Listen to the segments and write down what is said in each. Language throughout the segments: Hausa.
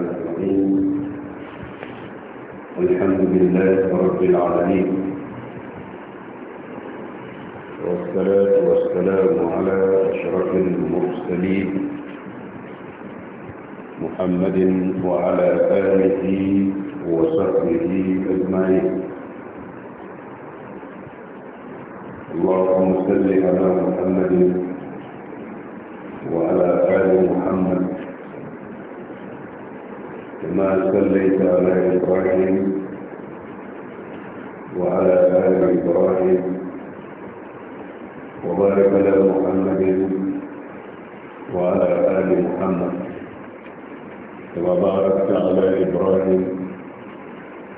الرحمن الرحيم الحمد لله رب العالمين والصلاة والسلام على أشرف المرسلين محمد وعلى آله وصحبه أجمعين اللهم صل على محمد كما صليت على إبراهيم وعلى آل إبراهيم وبارك على محمد وعلى آل محمد كما باركت على إبراهيم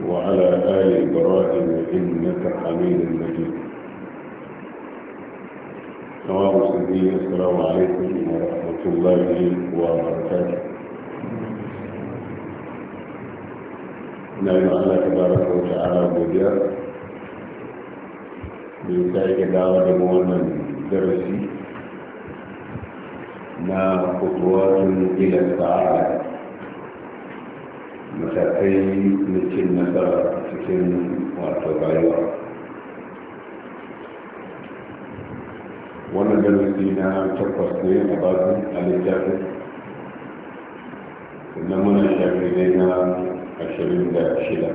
وعلى آل إبراهيم إنك حميد مجيد سلام السلام عليكم ورحمة الله وبركاته na yi Allah ta bara ko ta ala godiya da ya sake dawo da mu wannan darasi na kutuwatun ila sa'ada matakai na cin nasara cikin wato rayuwa wannan darasi na takwas ne a bakin a littafin sannan muna shafi ne na ashirin da shida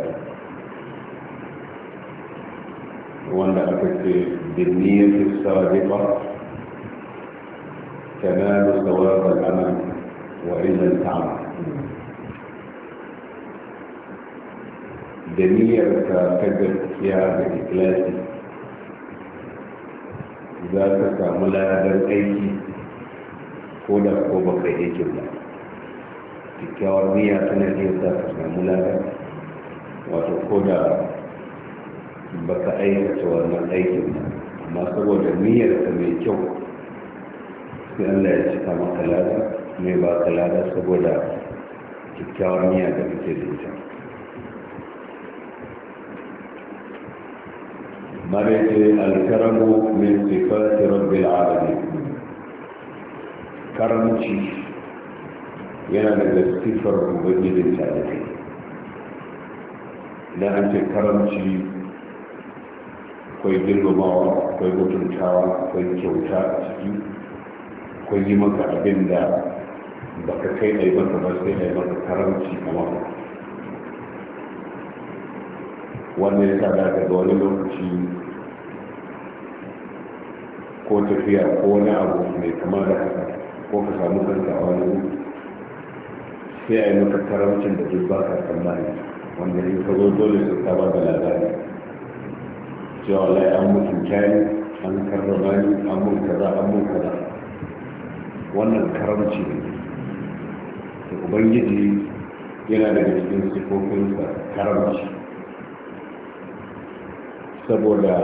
wanda aka ce binniyar sadiqa tanalu sawab al-amal wa ilal ta'am da niyyar ka ta gaskiya da ikilasi za ka samu ladar aiki ko da ko baka aikin ba kyakkyawar niyya tana iya sa ka samu lada wato ko da baka aikata wannan aikin ba amma saboda niyyar ka mai kyau sai Allah ya cika maka lada mai ba ka lada saboda kyakkyawar niyya da kake da ita مرت الكرم من صفات رب العالمين كرمتي yana daga sifar ubangijin tarihi idan an ce karamci akwai girmamawa akwai mutuntawa akwai kyauta a ciki akwai yi maka abin da ba ka kai a yi maka ba sai a yi maka karamci a maka wanda ya sa daga wani lokaci ko tafiya ko wani abu mai kama da haka ko ka samu kanka a wani sai a yi maka karamcin da duk ba ka tsammani wanda in ka zo dole su ka ba da labari cewa lai an mutum kyani an karrama ni an mun kaza an mun kaza wannan karamci ne da ubangiji yana daga cikin sa karamci saboda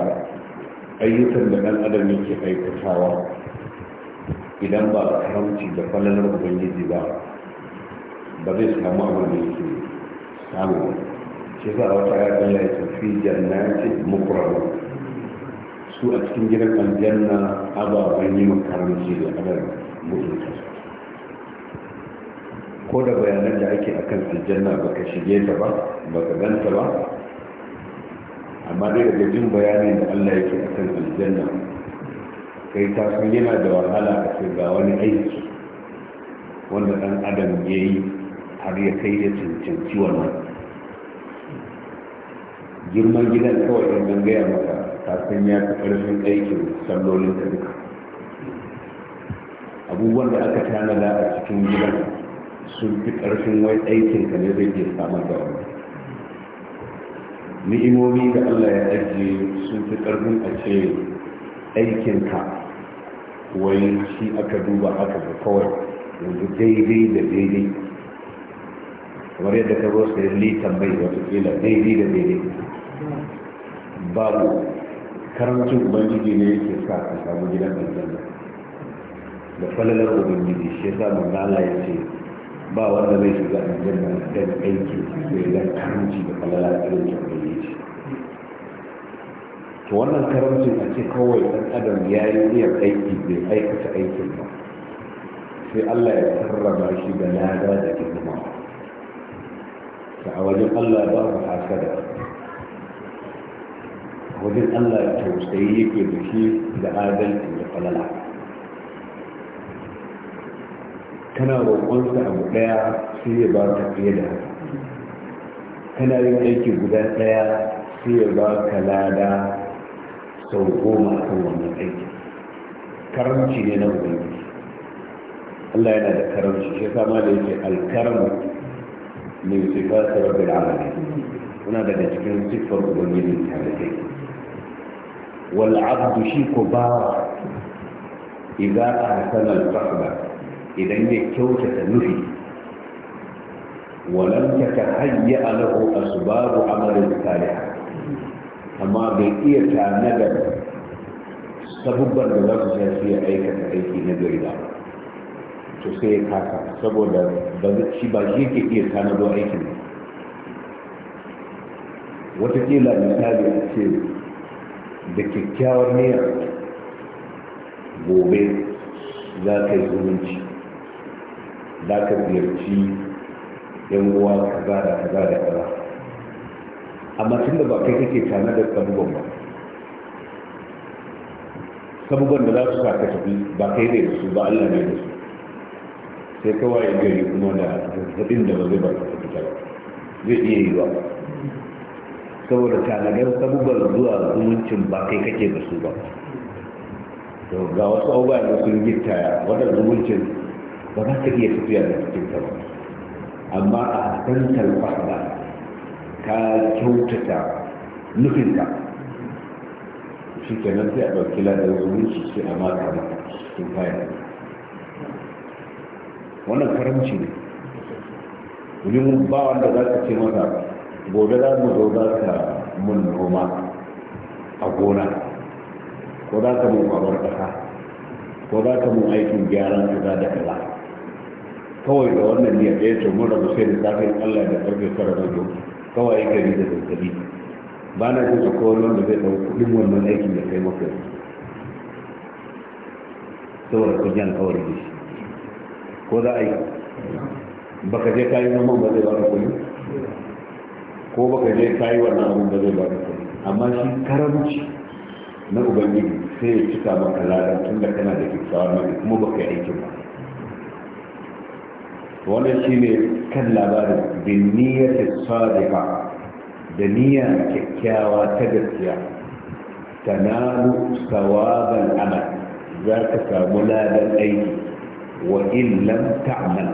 ayyukan da ɗan adam yake aikatawa idan ba karamci da falalar ubangiji ba ba zai samu abin da yake samu shi za a wata yaƙin ya tafi ce mukurarru su a cikin gidan aljanna ababen yi makaranci da adar mutunta ko da bayanan da ake akan aljanna ba ka shige ta ba ba ka ganta ba amma dai daga jin bayani da allah yake akan aljanna kai ta san yana da wahala a ce ga wani aiki wanda ɗan adam ya yi har ya kai ya cancanci wannan girman gidan kawai in don gaya maka ta san ya fi ƙarfin aikin sallolin ka duka abubuwan da aka tanada a cikin gidan sun fi ƙarfin wai aikin ka ne zai iya samar da wani ni'imomi da allah ya ajiye sun fi ƙarfin a ce aikinka wai shi aka duba aka ga kawai yanzu daidai da daidai kamar yadda ka zo sai litan bai wata kila daidai da daidai babu karancin ubangiji ne yake sa a samu gidan aljanna da falalar ubangiji shi yasa manzo lala ya ce ba wanda zai shiga aljanna dan aiki sai dan karanci da falalar aikin ubangiji to wannan karamcin a ce kawai dan adam ya yi iya aiki bai aikata aikin ba sai Allah ya karrama shi da lada da girma ka a wajen Allah ba ku hasada wajen Allah tausayi yake da shi da adalci da falala kana roƙonsa abu ɗaya sai ya ba ka fiye da haka kana yin aiki guda ɗaya sai ya ba ka lada sau goma kan wannan aiki Karanci ne na ubangiji Allah yana da karanci, shi sama da yake alkaramu min sifati rabbil alamin kuna daga cikin siffar ta talibai wal abdu shi ko ba? idan a al qasda idan ya kyautata nufi walam takahayya lahu asbabu amalin salih amma bai iya tanadar sabubban da za su sa ya aikata aiki na gari ba to sai ya taka saboda shi ba shi ke iya tanado aikin ba watakila misali a ce da kyakkyawar niyyar gobe za ka yi zumunci za ka ziyarci yan uwa za da za da za amma tun da ba kai kake da sabuwan ba sabuwan da za su sa ka tafi ba kai ne da su ba allah ne da su sai kawai gari kuma da zaɓin da ba zai ba su fita ba zai iya yi ba saboda talagar sabubar zuwa zumuncin ba kai kake da su ba ga wasu abubuwa da sun gittaya wadda zumuncin ba za ka iya tafiya da cikin ba amma a hasantar fahimta ka kyautata nufinka shi kenan sai a ɗauki ladar zumunci sai a mata maka kayan wannan karamci ne domin ba wanda za ka ce mata gobe za mu zo za ka mun noma a gona ko za ka mun kwabar ƙasa ko za ka mun aikin gyaran kaza da kaza kawai da wannan ne ɗaya ce mun rabu sai da safin allah da ƙarfe tara na kawai gari da zazzabi ba na ce akwai wanda zai ɗau kuɗin wannan aikin da kai maka saboda kun yan kawai da shi ko za a yi baka je kayi noman ba zai ba ka kuɗi ko ba ka je kayi wannan abin ba zai ba ka kuɗi amma shi karamci na ubangiji sai ya cika maka ladan tun da kana da kyakkyawar mai kuma ba ka yi aikin ba wannan shi ne kan labarin da niyyar sadiqa da niyya kyakkyawa ta gaskiya tanalu sawaban amal za ka samu ladan aiki wa in lam ta'mal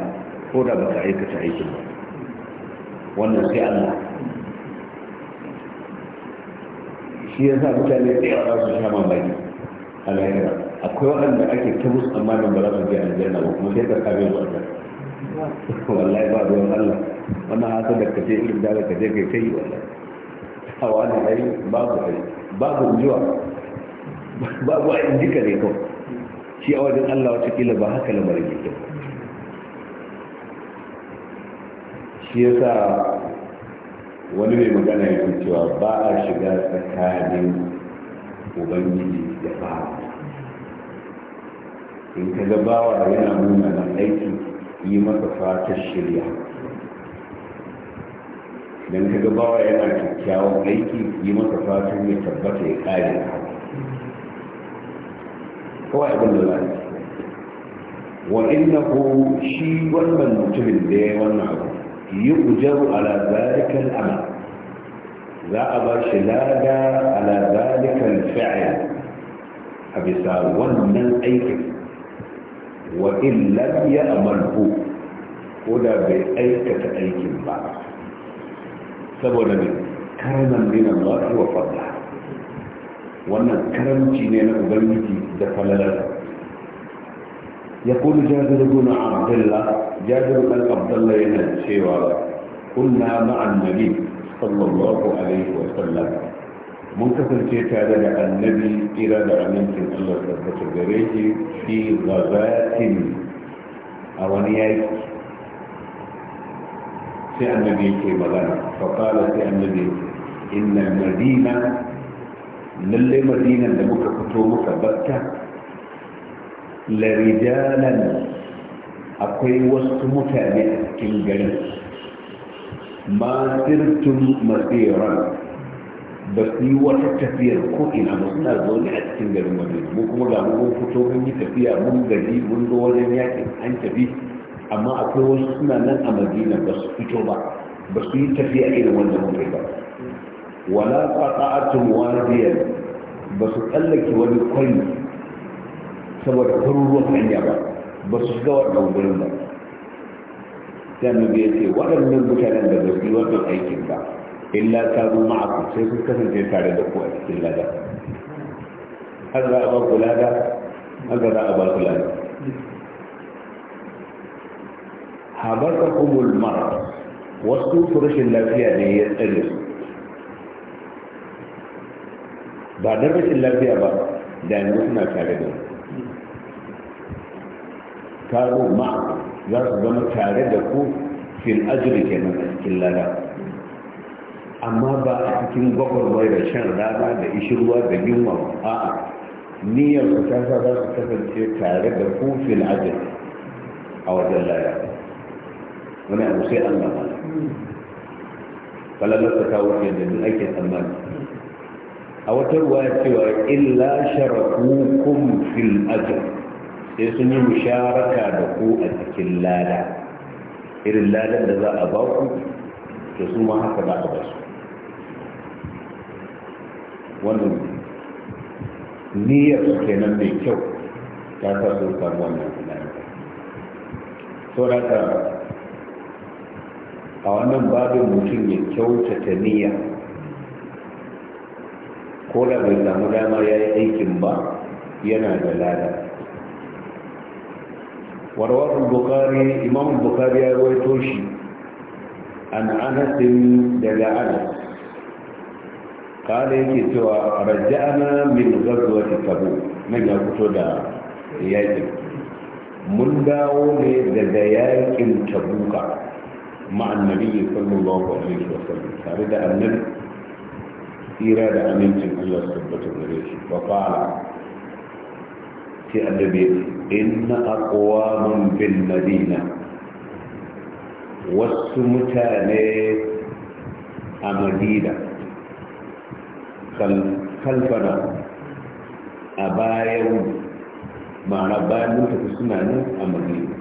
ko da baka aikata aikin ba wannan sai Allah shi ya sa mutane da yawa su sha mamaki a lahira akwai waɗanda ake ta musu tsammanin ba za su je aljanna ba kuma sai ka kame su aljanna wallahi ba ruwan Allah wannan hasa da kaje irin da ka je kai kai wallahi a wani ai babu ai babu zuwa babu ai jika ne kawai shi a wajen Allah wata kila ba haka bari yake shi ya sa wani mai magana fi cewa ba a shiga tsakanin ubangiji da bawa in ka ga bawa yana nuna na aiki yi masa fatar shirya idan ka ga bawa yana kyakkyawan aiki yi masa fatan ya tabbata ya kare kawai abin da zai wa innahu shi wannan mutumin da ya wannan abu yi ujaru ala zalikal amal za a ba shi lada ala zalikal fi'il a bisa wannan aikin wa in lam ya amalhu ko da bai aikata aikin ba saboda ne karnan min Allah wa fadla wannan karamci ne na ubangiji دفلالك يقول جابر بن عبد الله جابر بن عبد الله ينشي كنا مع النبي صلى الله عليه وسلم منتصر كيف هذا النبي إلى دعمين في الله سبحانه وتعالى في غزاة أوانيات في النبي كي مغانا فقال في النبي إن المدينة lallai madinan da muka fito muka batta larijalan akwai wasu mutane a cikin garin masirtun masiran ba su yi wata tafiyar ko ina ba suna zaune a cikin garin waje mu kuma ga mun fito mun yi tafiya mun gaji mun zo wajen yakin an tafi amma akwai wasu suna nan a madina ba su fito ba ba su yi tafiya irin wanda mun kai ba ولا قطعت واديا بس قال لك ولي كل سبب فروع عنيا با بس غوا دوغلن با كانوا بيتي ولا من بكان ده بس لو تو ايكين با الا كانوا معك سيف كان جاي تاع ده كو الا ده هذا ابو بلاده هذا ابو بلاده حضرتكم المرض وسط فرش الله فيها ba don rashin lafiya ba da yanzu suna tare da karo ma za su zama tare da ku fil ajiri kenan a cikin lada amma ba a cikin gwagwarmai da shan rana da ishirwa da yunwa a a'a niyyar ku ta sa za su kasance tare da ku fil ajiri a wajen lada wani abu sai allah ma falalar ta kawo da duk ake tsammani a wata ruwa cewa illa sharakukum fil ajr sai sun yi musharaka da ku a cikin lada irin ladan da za a ba ku to su ma haka za a ba su wannan niyyar su kenan mai kyau ta sa su samu wannan tunani saboda a wannan babin mutum ya kyautata niyya ko da bai samu damar ya yi aikin ba yana da lada warwar bukari imam bukari ya rawaito shi an anasin daga anas kada yake cewa raja'ana min ta tabu nan ya fito da yakin mun dawo ne daga yakin tabuka ma'an nabiyyi sallallahu alaihi wasallam tare da annabi إرادة أن ينتم الله سبحانه وتعالى وقال في أدبه إن أقوام في المدينة والسمتاني أمدينة خل... خلفنا أبايا مع أبايا منتك السنانة أمدينة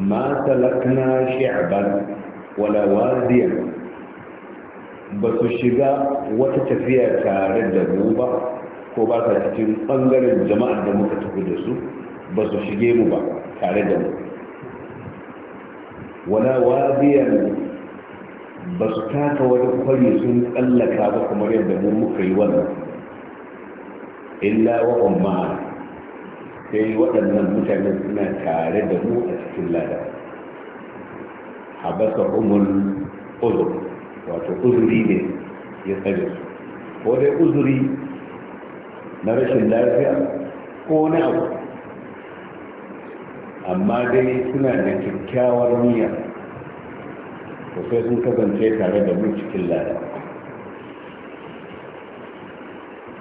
ما سلكنا شعبا ولا واديا ba su shiga wata tafiya tare da mu ba ko ba ta cikin ɓangaren jama'ar da muka tafi da su ba su shige mu ba tare da mu wala wadiyan ba su taka wani kwari sun tsallaka ba kamar yadda mu muka yi wannan illa wa umma sai waɗannan mutane suna tare da mu a cikin lada habasa umul uzur wato uzuri ne ya tsare su ko dai uzuri na rashin lafiya ko wani abu amma dai suna da kyakkyawar niyya to sai sun kasance tare da mu cikin lada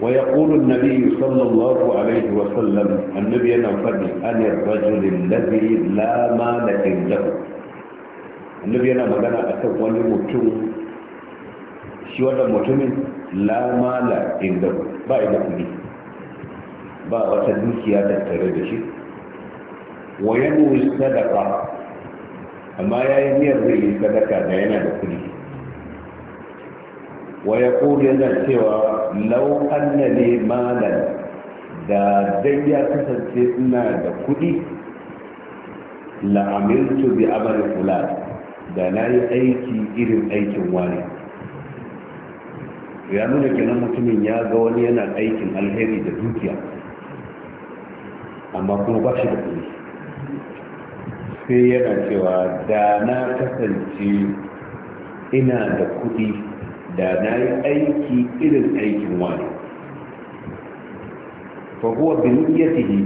wa yaqulu an-nabi sallallahu alaihi wa sallam annabi yana faɗi an ar-rajul alladhi la mala lahu annabi yana magana a akan wani mutum shi wannan mutumin lamala inda ba inda kudi ba wata dukiya tare da shi wa yanu sadaka amma ya yi niyyar zai yi sadaka da yana da kudi wa ya kuri yana cewa lau anna ne malan da zai ya kasance ina da kudi amiltu bi amali fulan da na yi aiki irin aikin wani ya nuna kenan mutumin ya ga wani yana aikin alheri da dukiya amma kuma ba shi da kuɗi sai yana cewa da na kasance ina da kuɗi da na yi aiki irin aikin wani fa huwa bi yi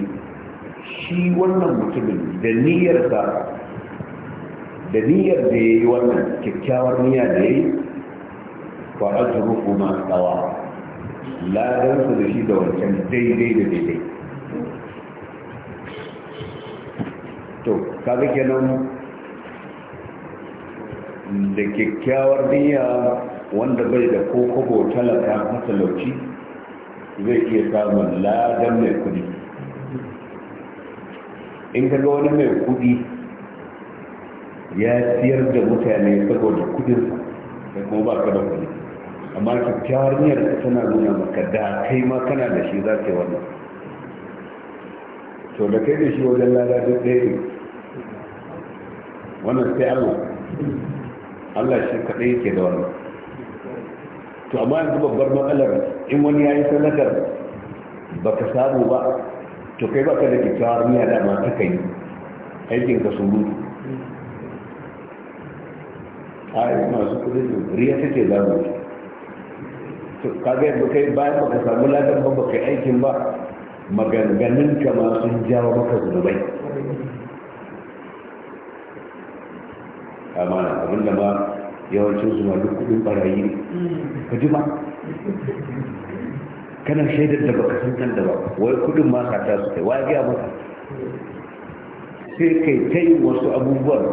shi wannan mutumin da niyar da niyyar da yi wannan kyakkyawar niyya da yayi fa ajruhu ma sawa Ladar su da shi da wancan daidai da daidai to kaga kenan da kyakkyawar niyya wanda bai da ko kobo talaka matalauci zai iya samun ladar mai kudi in kaga wani mai kudi ya siyar da mutane saboda kudinsa da kuma ba ka da kudi amma kyakkyawar niyyar ka tana nuna maka da kai ma kana da shi za ka yi wannan to da kai da shi wajen lada duk ɗaya ne wannan sai allah allah shi kaɗai yake da wannan to amma yanzu babbar matsalar in wani ya yi sanadar ba ka samu ba to kai ba ka da kyakkyawar niyya da ma ta kai aikin ka surutu a masu kudin riya take zamu kaga yadda kai bayan baka samu ladan ba baka aikin ba maganganun ka ma sun jawo maka zunubai na abin da ma yawancin su ma duk kudin barayi ne ka ji ma kana shaidar da baka san kan da ba wai kudin ma sata su kai wai ga maka sai kai ta yi wasu abubuwan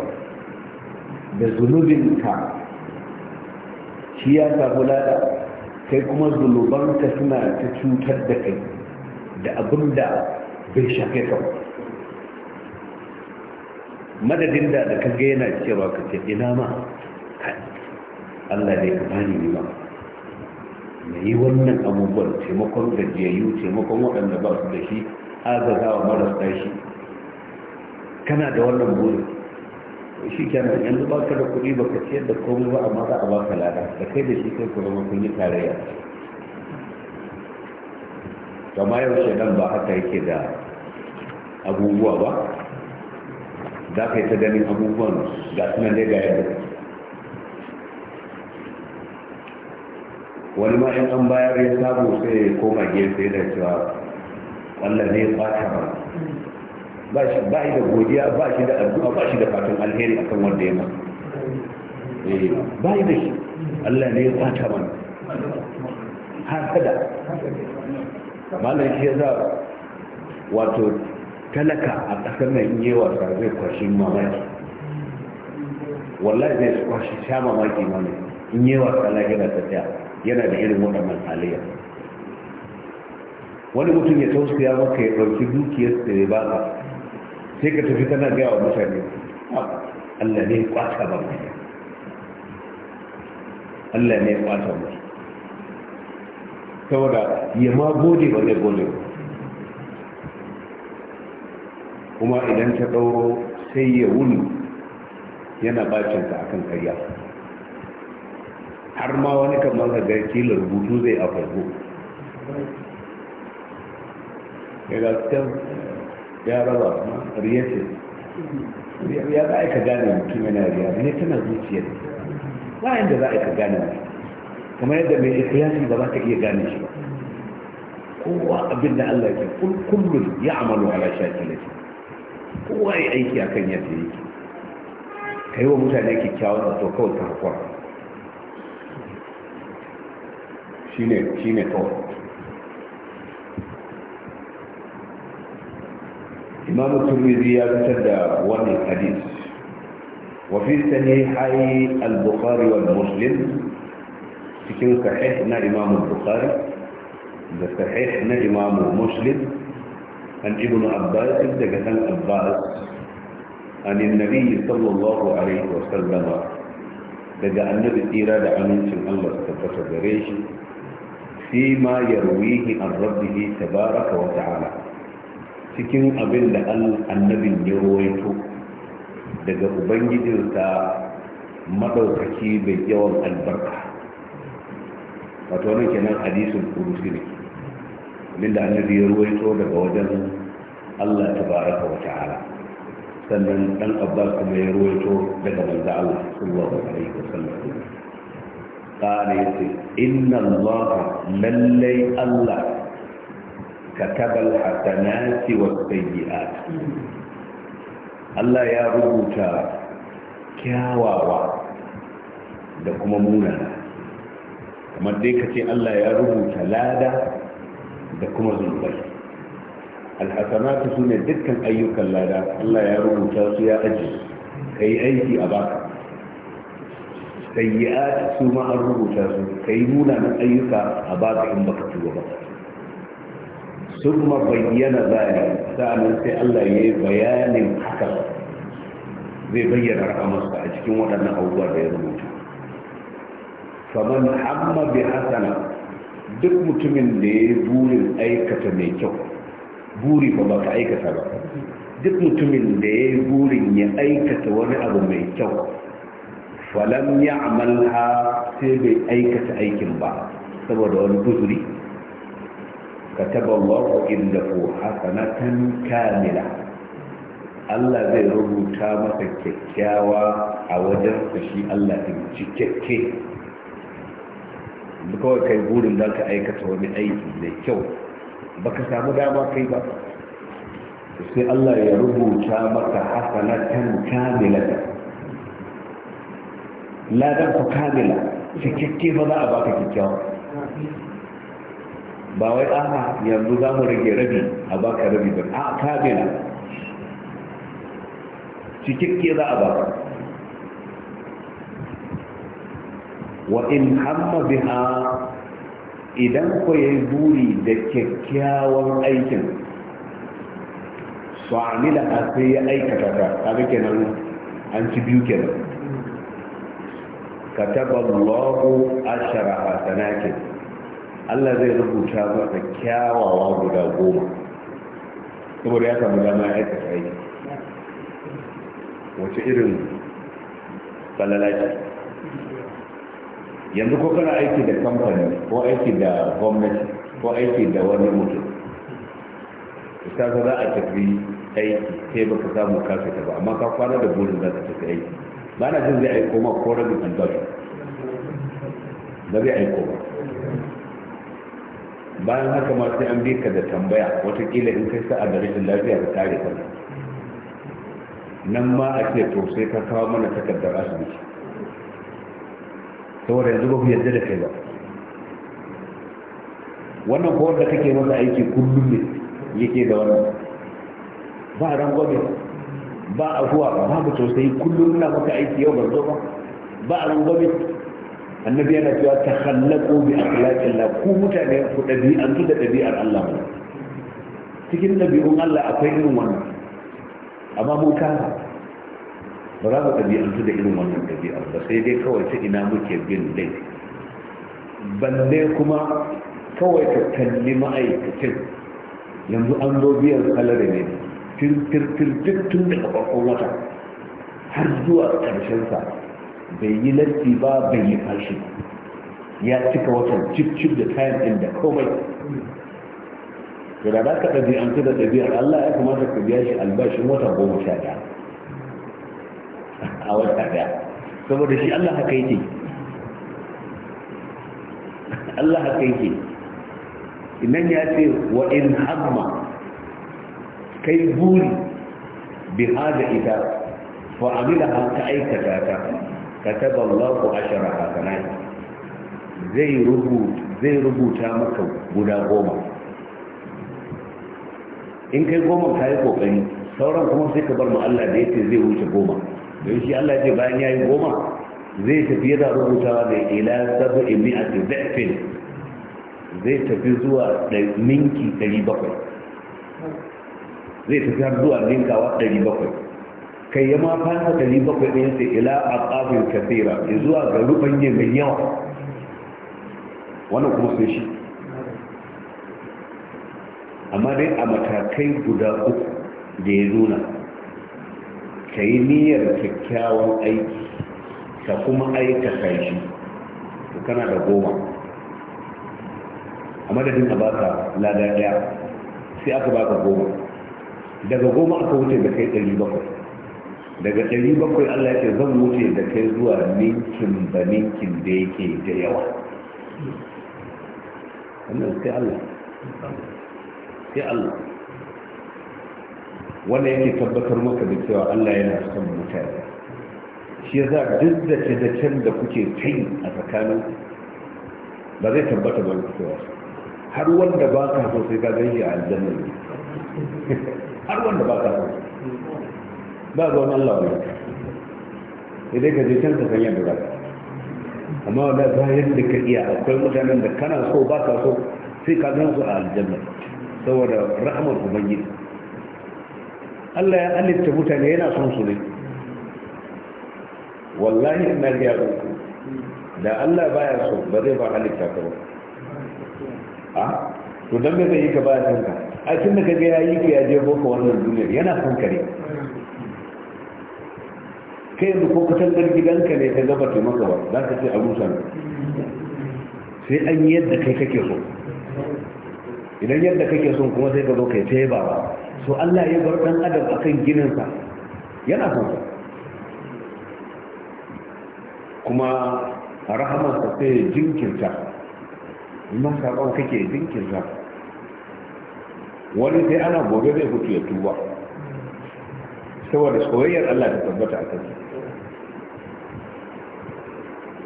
da zunubin ka shi ya samu lada kai kuma zunubanka suna ta cutar da kai da abin da bai shafe ka madadin da da kage yana cewa ka ce ina ma Allah ne ka bani ni ba, na yi wannan abubuwan taimakon gajiyayyu taimakon waɗanda ba su da shi agazawa marasa shi kana da wannan burin shi kenan yanzu ba ka da kuɗi ba ka ciyar da komai ba amma za a ba ka lada da kai da shi kai kuma kun yi tarayya kama yau nan ba haka yake da abubuwa ba za ka yi ta ganin abubuwan ga suna dai ga yadda wani ma in an bayar ya samu sai ya koma gefe da cewa wallan ne ya ɓata ba ba shi ba da godiya ba shi da addu'a ba shi da fatan alheri akan wanda ya masa eh ba da shi Allah ne ya kwata mana har kada malam shi ya wato talaka a ƙasar nan yi wasa zai kwashi mamaki wallahi zai kwashi sha mamaki mana in yi wasa gina tafiya yana da irin waɗannan halayyar wani mutum ya tausaya maka ya ɗauki dukiyar da ya ba sai ka tafi tana gaya wa mutane Allah ne kwata ba mu Allah ne kwata mu saboda ya ma gode ba zai gode kuma idan ta ɗauro sai ya wuni yana bacin akan karya har ma wani kamar da garki rubutu zai a farko ya gaskiyar ya raba kuma riya ce ya za a yi ka gane mutum yana riya riya tana zuciya ne ba yadda za a yi ka gane mutum kamar yadda mai ikhlasi ba za ka iya gane shi ba kowa abin da Allah ya kul ya amalu ala shakilati kowa ya aiki akan yadda yake yi wa mutane kyakkyawan zato kawai ta hakwara shine shine kawai imam turmizi ya fitar da wannan hadis wa fi sahihai al-bukhari wal muslim cikin sahih na imam bukhari da sahih na imam muslim an ibn abbas daga san abbas an annabi sallallahu alaihi wa sallama daga annabi tsira da amincin Allah ta tabbata gare shi fi ma yarwihi an rabbihi tabaraka wa ta'ala cikin abin da annabin ya rawaito daga ubangijinsa maɗaukaki mai yawan albarka wato nan kenan hadisin kurusi ne abinda annabi ya ruwaito daga wajen Allah baraka wa ta'ala sannan dan abbas kuma ya ruwaito daga manzo Allah sallallahu alaihi wasallam qala yace inna Allah lallai Allah كتب الحسنات والسيئات Allah ya rubuta kyawawa da kuma munana kamar dai ka ce Allah ya rubuta lada da kuma zunubai alhassanatu sune dukkan ayyukan lada Allah ya rubuta su ya aji ka yi aiki a baka sayyi'at su ma an rubuta su ka yi munanan ayyuka a baka in baka tuba ba sun ma bayyana zaya sa'anin sai Allah ya yi bayanin haka zai bayyana rahamarsa a cikin waɗannan abubuwa da ya fa Faman amma bi hasana duk mutumin da ya yi burin aikata mai kyau, buri ba ba aikata ba. Duk mutumin da ya ya aikata wani abu mai kyau, falam ya amalha sai bai aikata aikin ba, saboda wani guzuri. kataba Allahu indahu hasanatan kamila Allah zai rubuta masa kyakkyawa a wajen shi Allah din cikakke kawai kai burin da ka aikata wani aiki mai kyau baka samu dama kai ba sai Allah ya rubuta maka hasanatan kamilatan ladan ku kamila cikakke ba za a baka kyakkyawa ba wai aha yanzu za mu rage rabi a baka rabi ba a kabila cikakke za a baka wa in hamma biha idan ku buri da kyakkyawan aikin fa'amila a sai ya aikata ta kaga kenan an ci biyu kenan kataba Allahu a hasanatin Allah zai rubuta masa kyawawa guda goma saboda ya samu dama ya aikata aiki wace irin falalaki yanzu ko kana aiki da kamfani ko aiki da gwamnati ko aiki da wani mutum ta za a tafi aiki sai baka samu kasa ta ba amma ka kwana da burin za ta tafi aiki ba na jin zai aiko ma ko rabin albashi ba zai aiko ba bayan haka ma sai an bi ka da tambaya watakila in kai sa'a da rashin lafiya da tare ka nan ma a ce to sai ka kawo mana takardar asibiti saboda yanzu ba ku yadda da kai ba wannan ko wanda kake masa aiki kullum ne yake da wannan ba ran gobe ba a ba. Ba babu tausayi kullum na maka aiki yau da zo ba ba gobe annabi yana cewa ta hallako bi akhlaqin la ku mutane ku dabi'antu da dabi'ar Allah ne cikin dabi'un Allah akwai irin wannan amma mun kasa ba za mu dabi'antu da irin wannan dabi'ar ba sai dai kawai ta ina muke bin dai balle kuma kawai ka kalli ma'aikacin yanzu an zo biyan salari ne tirtirtir duk tun daga farkon wata har zuwa ƙarshen sa bai yi latti ba bai yi fashi ya cika watan cif da kayan ɗin da komai da za ka ɗabi'antu da ɗabi'ar Allah ya kamata ka biya shi albashin wata goma sha ɗaya a wata ɗaya saboda shi Allah haka yake Allah haka yake inan ya ce wa in hamma kai buri bi hada ita fa amila ta aikata ta kataba Allahu ashara hasanat zai rubuta zai rubuta maka guda goma in kai goma ka yi kokari sauran kuma sai ka bar ma Allah da yake zai wuce goma don shi Allah ce bayan ya yi goma zai tafi yana rubutawa da ila sabu imi a tezefin zai tafi zuwa da minki 700 zai tafi har zuwa ninkawa 700 kai ya ma fasa ɗari bakwai ɗin sai ila a ƙafin kasira zuwa ga yin mai yawa wannan kuma sai shi amma dai a matakai guda uku da ya nuna ka yi niyyar kyakkyawan aiki ka kuma aika shi to kana da goma a madadin a baka lada ɗaya sai aka baka goma daga goma aka wuce da kai ɗari bakwai daga ɗari bakwai Allah ya ce zan wuce da kai zuwa ninkin da ninkin da yake da yawa wannan sai Allah sai Allah wanda yake tabbatar maka da cewa Allah yana son mutane shi za duk da ke can da kuke kai a tsakanin ba zai tabbata ba ku cewa har wanda ba ka so sai ka gani a aljanna har wanda ba ka so ba wani Allah wani idan ka je can ka san yadda ba amma wanda ta yadda ka iya akwai mutanen da kana so ba ka so sai ka gan su a aljanna saboda rahamar ubangiji Allah ya alifta mutane yana son su ne wallahi ina ga yaro da Allah baya so ba zai ba halitta ka ba a to dan me zai yi ka baya son ka a cikin da ka ga yayi ki ya je boko wannan duniya yana son ka ne kai yanzu ko ɗan gidanka ne ta gaba ta maka ba za ka ce a rusa sai an yi yadda kai kake so idan yadda kake so kuma sai ka zo kai ta yaba ba so Allah ya bar ɗan adam a kan gininsa yana son sa kuma rahamarsa sai jinkirta imam sakon kake jinkirta wani sai ana gobe zai hutu ya tuba saboda soyayyar Allah ta tabbata a kansa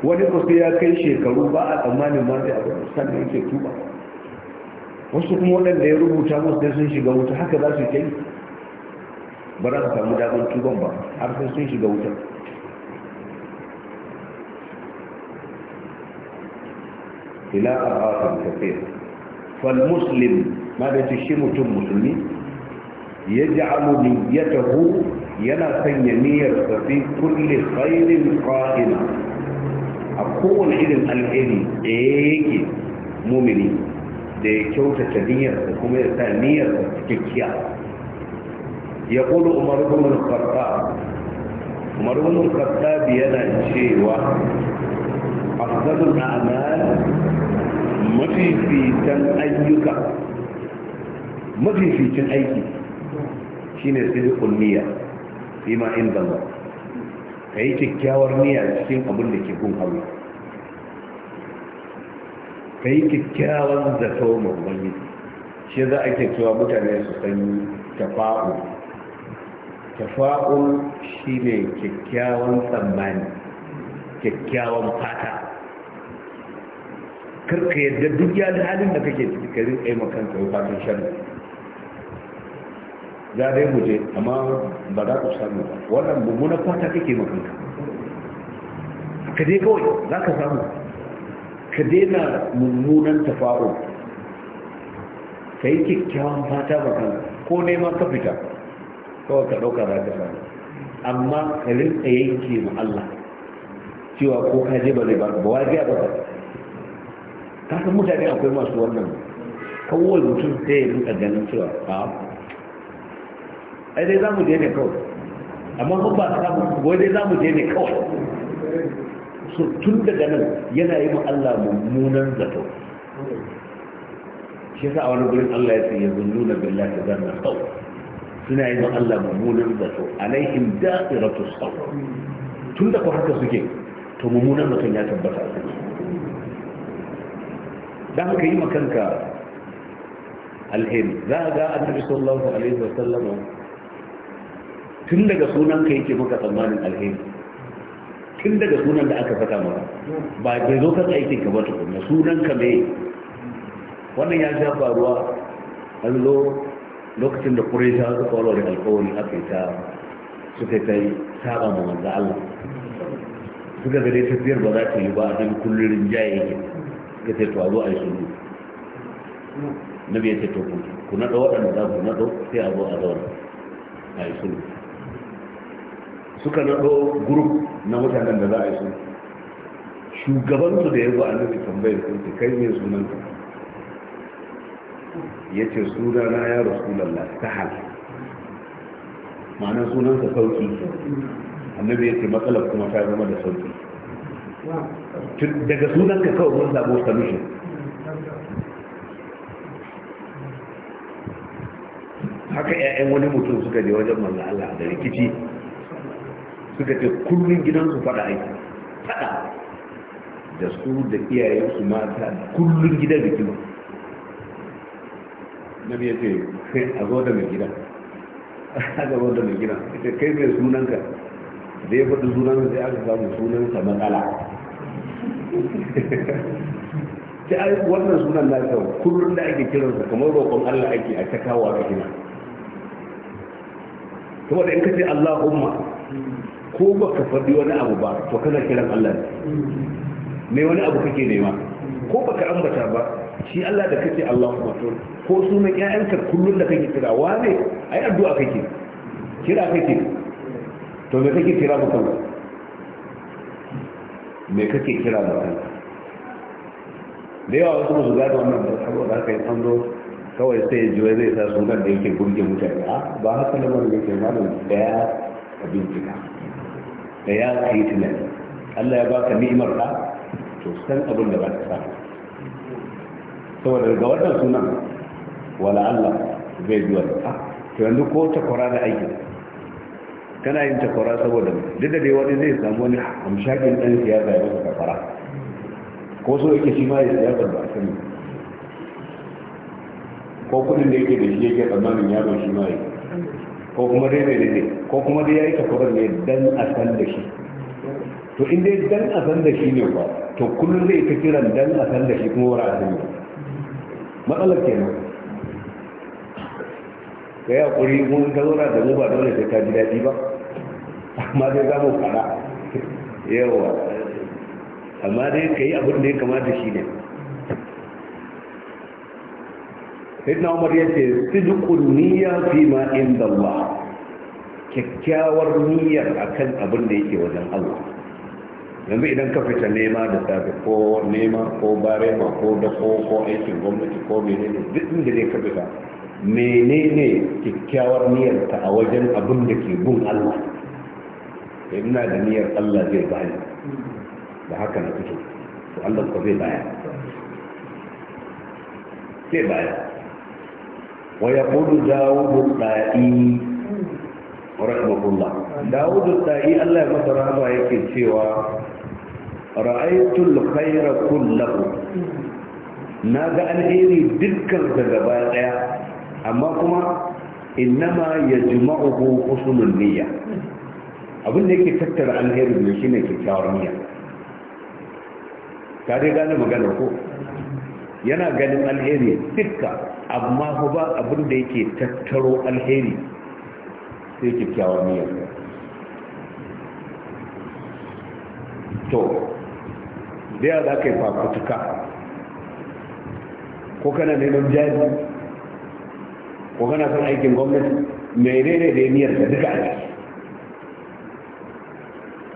wani kusa ya kai shekaru ba a tsammanin ma a wani sannan yake tuba wasu kuma waɗanda ya rubuta musu da sun shiga wuta haka za su kai ba za su samu damar tuban ba har sai sun shiga wuta ila arafin kafir fal muslim ma da shi mutum musulmi ya ji ya taho. yana sanya niyyar fi kulli khairin qa'ila a kowane irin alheri da yake mumini da ya kyautata niyyarsa kuma ya sa niyyarsa cikakkiya ya kulu umar ibn al-khattab umar ibn al-khattab yana cewa afdalul a'mal mafificin ayyuka mafificin aiki shine sidqul niyya fima inda Allah ka yi kyakkyawar niyya cikin abin da ke gun hawa ka yi kyakkyawar zato ma shi za a ke cewa mutane su san tafa'u tafa'u shi ne kyakkyawar tsammani kyakkyawar fata karka yadda duk yadda halin da kake cikin karin aimakan kai fatan sharri za dai mu je amma ba za ku samu ba wannan mummunan fata kake makanka ka dai kawai za ka samu ka daina mummunan tafa'o ka yi kyakkyawan fata makanka ko nema ka fita kawai ka ɗauka za ka samu amma ka rinka yanke ma Allah cewa ko ka je ba zai ba ba wa ba ba ka san mutane akwai masu wannan kawai mutum sai ya rinka ganin cewa a ai dai za mu je ne kawai amma kuma ba samu wai dai za mu je ne kawai so tun daga nan yana yi ma Allah mummunan zato shi yasa a wani gurin Allah ya tsaye ya zunnuna billahi zanna sau suna yi ma Allah mummunan zato alaihim da'iratu sau tun da ku haka suke to mummunan mutum ya tabbata su da haka yi makanka alheri za a ga annabi sallallahu alaihi wasallam tun daga sunan ka yake maka tsammanin alheri tun daga sunan da aka fata maka ba ke zo kan aikin ka ba tukuna sunan ka me wannan ya ja faruwa an zo lokacin da ta suka wala da alkawari aka yi ta suka ta yi saba ma wanzu Allah suka gare ta tafiyar ba za ta yi ba nan kullun rinjaye yake ka ce to a zo a yi sunu nabi ya ce to ku na da waɗanda za ku naɗo, sai a zo a zauna a yi sunu suka naɗo gurup na mutanen da za a yi sun shugabansu da ya zo annabi tambayar sun ce kai ne sunan ka ya ce suna na ya rasulallah ta hal sunan ka sauki annabi ya ce matsalar kuma ta zama da sauki daga sunan ka kawai mun zaɓo solution haka 'ya'yan wani mutum suka je wajen manzo Allah da rikici suka ce kullum gidansu fada aiki fada da su da iyayensu mata kullum gidan da kima na biya ce kai a zo da mai gida a zo da mai gida ita kai mai sunanka da ya faɗi sunan sai aka samu sunansa matsala ta ai wannan sunan na kyau kullum da ake kiransa kamar roƙon allah ake a ta kawo a kina saboda in ka ce allahumma ko baka faɗi wani abu ba to kana kiran Allah ne Me wani abu kake nema ko baka ambata ba shi Allah da kake Allah kuma to ko sunan ƴaƴanka kullun da kake kira wane ai addu'a kake kira kake to me kake kira ba kanka me kake kira ba kanka da yawa wasu musu gada wannan da saboda haka yi an kawai sai jiwai zai sa sunan da yake gurge mutane ba haka lamarin yake malam ya a bincika tsaya ka yi tunani Allah ya baka ni'imar ka to san abin da ba ka sa. saboda daga wannan sunan wala Allah zai zuwa da a ah, to yanzu ko takwara da aiki kana yin takwara saboda duk da dai wani zai samu wani hamshakin ɗan siyasa ya masa takwara ko so yake shi ma ya siyasa ba a sani ko kudin da yake da shi yake tsammanin yaro shi ma yake ko kuma dai ne ne ko kuma dai ya yi takwarar ne dan a san da shi to in dai dan a san da shi ne ba to kullum zai ta kiran dan a san da shi kuma wara a azumi matsalar nan ka yi hakuri kuma ta zauna da mu ba dole sai ta ji daɗi ba amma dai za mu fara yawa amma dai ka yi abin da ya kamata shi ne sayyidina umar ya ce sidqul niyya fi ma inda Allah kyakkyawar niyyar akan abin da yake wajen Allah yanzu idan ka fita nema da safe ko nema ko barema ko dako ko aikin gwamnati ko menene duk inda ne ka fita menene kyakkyawar niyyar ta a wajen abin da ke gun Allah ina da niyyar Allah zai bani da haka na fito to Allah ko zai baya zai baya ويقول داود الطائي رحمه الله داود الطائي الله يمسر هذا يكيد سوى رأيت الخير كله ناغا الهيري دكا تغباتا أما كما إنما يجمعه حسن النية abin da yake tattara alheri ne shine kyakkyawar niyya ka dai gane magana ko yana ganin alheri dukka amma ku ba abin da yake tattaro alheri sai kyakkyawar niyyar to da yawa za ka yi fafutuka ko kana neman jari ko kana son aikin gwamnati mai ne da niyyar da duka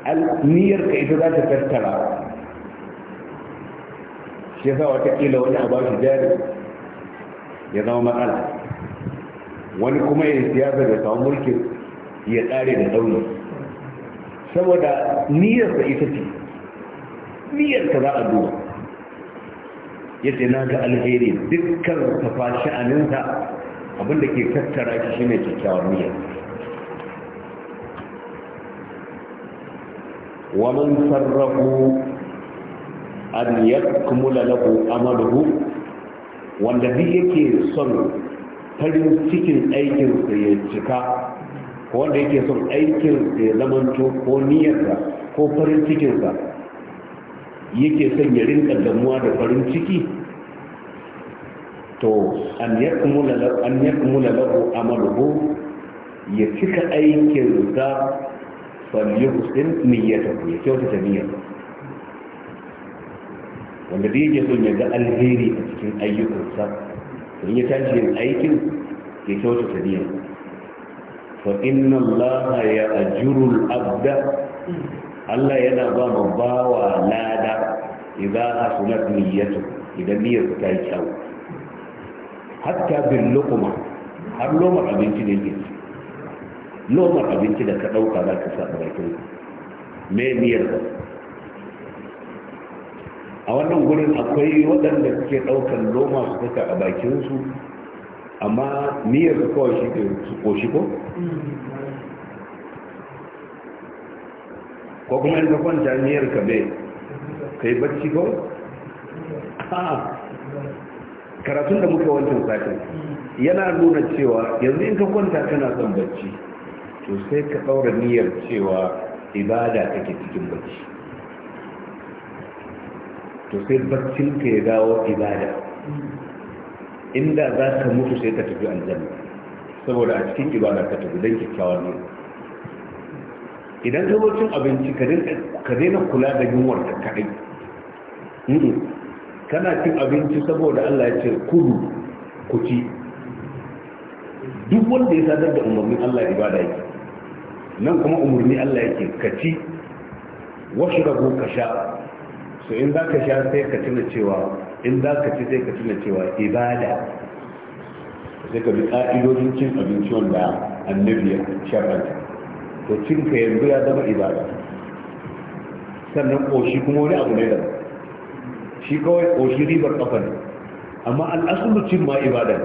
a niyyar ka ita za ta tattara shi yasa watakila wani a bashi jari ya zama matsala wani kuma ya siyasa da samu mulkin ya tsare da tsauni saboda niyyarsa ita ce niyyarsa za a duba ya ce na ga alheri dukkan tafa sha'aninsa abinda ke tattara shi shine kyakkyawar niyyar wa man sarrafu an yakmula lahu amaluhu wanda bi yake son farin cikin aikinsa ya cika ko wanda yake son aikinsa ya zamanto ko da ko farin cikin sa yake son ya rinka damuwa da farin ciki to an yakmula lahu amaluhu ya cika da yi falyuhsin niyyatahu ya kyautata niyyarsa wanda da yake son ya ga alheri a cikin ayyukansa to in ya tashi yin aikin ya kyautata niyyar fa inna allaha ya ajurul abda Allah yana ba mu bawa lada idza hasunat niyyatu idan niyyar ta yi kyau hatta bil luqma har lomar abinci da yake lomar abinci da ka dauka za ka sa bakin me niyyar ba. a wannan gurin akwai waɗanda suke ɗaukar roma su saka a bakinsu amma niyyar su kawai shi su koshi ko? ko kuma in ka kwanta niyyar ka bai ka yi bacci ko? karatun da muka wancan satin yana nuna cewa yanzu in ka kwanta kana son bacci to sai ka ɗaura niyyar cewa ibada take cikin bacci to sai ka ya dawo ibada inda za ka mutu sai ka tafi aljanna saboda a cikin ibada ka tafi don kyakkyawar ne idan ka zo cin abinci ka daina kula da yunwar ka kaɗai kana cin abinci saboda allah ya ce kudu ku ci duk wanda ya sadar da umarnin allah ibada yake nan kuma umarni allah yake ka ci wasu rabu ka sha so in za ka sha sai ka tuna cewa in za ka ci sai ka tuna cewa ibada sai ka bi ƙa'idojin cin abinci wanda annabi ya sharanta to cin ka yanzu ya zama ibada sannan ƙoshi kuma wani abu ne da shi kawai ƙoshi ribar ƙafa ne amma al'asulu cin ma ibada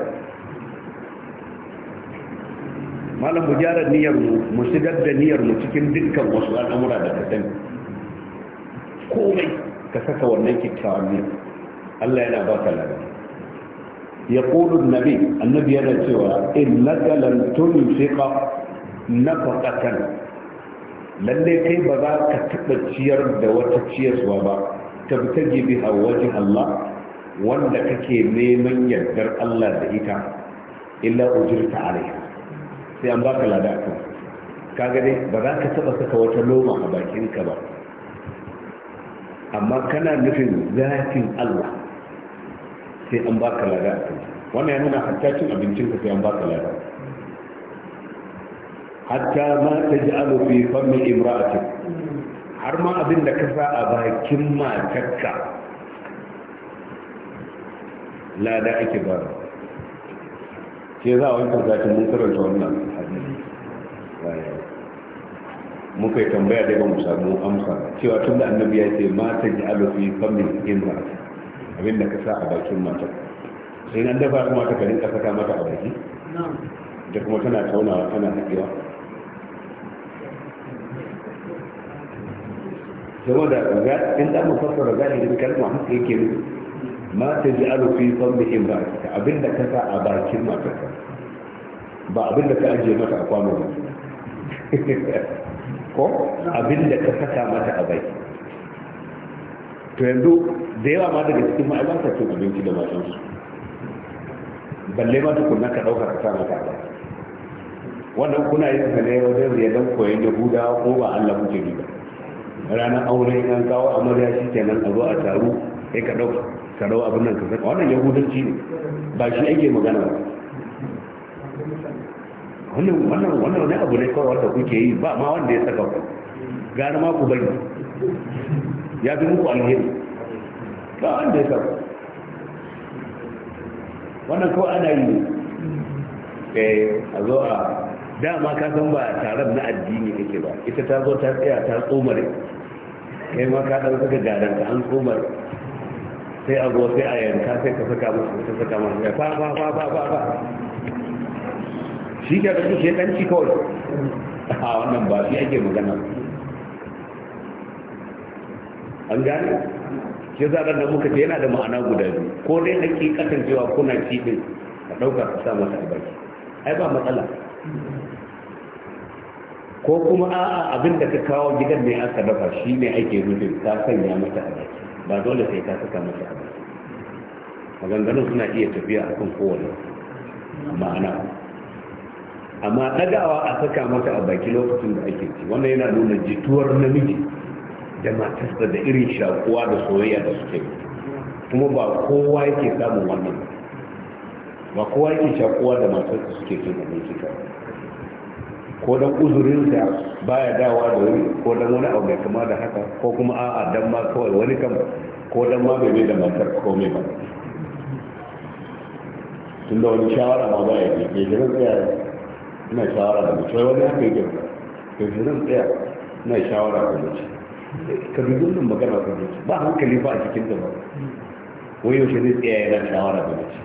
malam mu gyara niyyar mu mu shigar da niyyar mu cikin dukkan wasu al'amura da ka sani komai ka saka wannan kyakkyawan ne Allah yana ba ka lada ya ƙulu nabi annabi yana cewa in tonin lan na nafaqatan lalle kai ba za ka taɓa ciyar da wata ciyarwa ba ta tabtaji a wajen Allah wanda kake neman yardar Allah da ita illa ujirta alaiha sai an baka lada ka. kaga dai ba za ka taɓa saka wata noma a bakinka ba amma kana nufin zafin Allah sai an baka lada a kai wannan ya nuna hatta cin abincin ka sai an baka lada hatta ma ta ji alu fi fami imra'atin har ma abin da ka sa a bakin matarka lada ake ba ke za a wani zafin mun karanta wannan hadisi muka yi tambaya da mu samu amsa cewa tun da annabi ya ce mata ji alufi famin imra abin da ka sa a bakin mata sai an dafa kuma ta karin kasa ta mata a baki da kuma tana taunawa tana haɗewa saboda in da mu fassara zahirin kalma haka yake ne mata ji alufi famin imra abin da ka sa a bakin matarka ba abin da ka ajiye mata a kwano ko abin da ka saka mata a bai to yanzu da yawa ma daga cikin ma'aikata cin abinci da matansu balle ma tukunna ka ɗauka ka sa mata a bai wannan kuna yin ka ne wajen riyadan koyon guda ko ba allah kuke duba ranar aure na kawo amarya shi kenan a zo a taru sai ka dauka ka ɗau abin nan ka saka wannan yahudanci ne ba shi ake magana ba wannan wannan wani abu ne kawai wanda kuke yi ba ma wanda ya saka ku gani ma ku bari ya fi muku alheri ba wanda ya saka wannan kawai ana yi ne eh, a zo a dama ka san ba taron na addini kake ba ita ta zo ta tsaya ta tsomare kai ma ka dan saka garan ka an tsomare sai a zo sai a yanka sai ka saka musu ta saka ya fa fa fa fa fa shi ke da shi ɗanci kawai a wannan ba shi ake magana an gane shi zarar da muka ce yana da ma'ana guda biyu ko dai hakikatan cewa kuna ci din a ɗauka ka sa masa albarki ai ba matsala ko kuma a'a abin da ka kawo gidan ne aka dafa shi ne ake nufin ka sanya mata albarki ba dole sai ka saka mata albarki maganganun suna iya tafiya akan kowane ma'ana amma ɗagawa a saka mata a baki lokacin da ake ci wannan yana nuna jituwar namiji da matarsa da irin shakuwa da soyayya da suke kuma ba kowa yake samun wannan ba kowa yake shakuwa da matarsa suke cin abinci kawai ko dan uzurin da baya dawa da wani ko dan wani abu mai kama da haka ko kuma a'a dan ma kawai wani kam ko dan ma bai da matar komai ba tun da wani shawara ma ba baya ke ke jiran tsaya ina shawara da mace wani haka yi ba to shi zan tsaya ina shawara da mace ka bi wannan magana ka mace ba hankali ba a cikin da ba wai yaushe zai tsaya yana shawara da mace